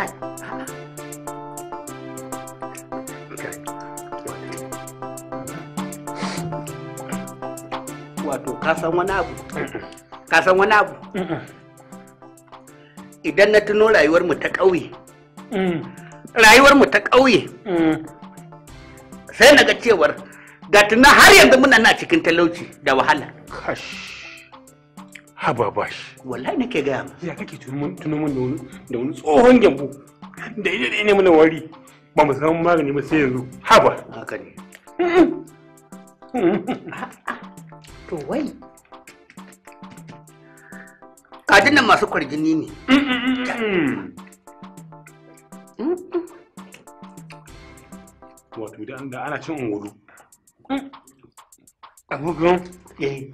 Hi. ka san wani abu? ka san wani abu? Idan na tuno rayuwarmu ta ƙauye. Rayuwarmu ta ƙauye. Sai na ga cewar, ga tuna har yanzu muna na cikin talauci da wahala. Kash. haba ba shi wallahi nake gaya ma ya kake tuno mun da wani tsohon gyambo da ina ne mun wari ba mu samu magani ba sai yanzu haba haka ne to wai kadinan masu kwargini ne wato da ana cin ungulu abubuwan eh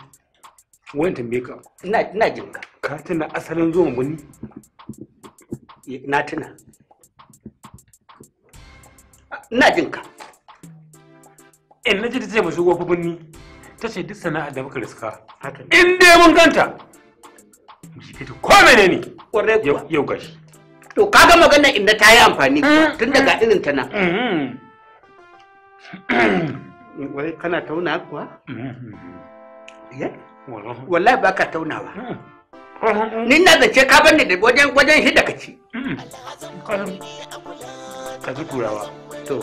wani tambaye ina ina jin ka ka tuna asalin zuwan buni na tuna ina jin ka in eh, na ji ta ce shigo bubunni ta ce duk sana'ar da muka riska in dai mun ganta mu shige ta ko yau gashi to kaga magana inda ta yi amfani mm-hmm. tun daga irin ta nan mm-hmm. wai kana tauna kuwa mm-hmm. Eh? wallahi ba ka taunawa hmm. ni na zance ka bani da wajen wajen shi da ka ci hmm. ka ji turawa to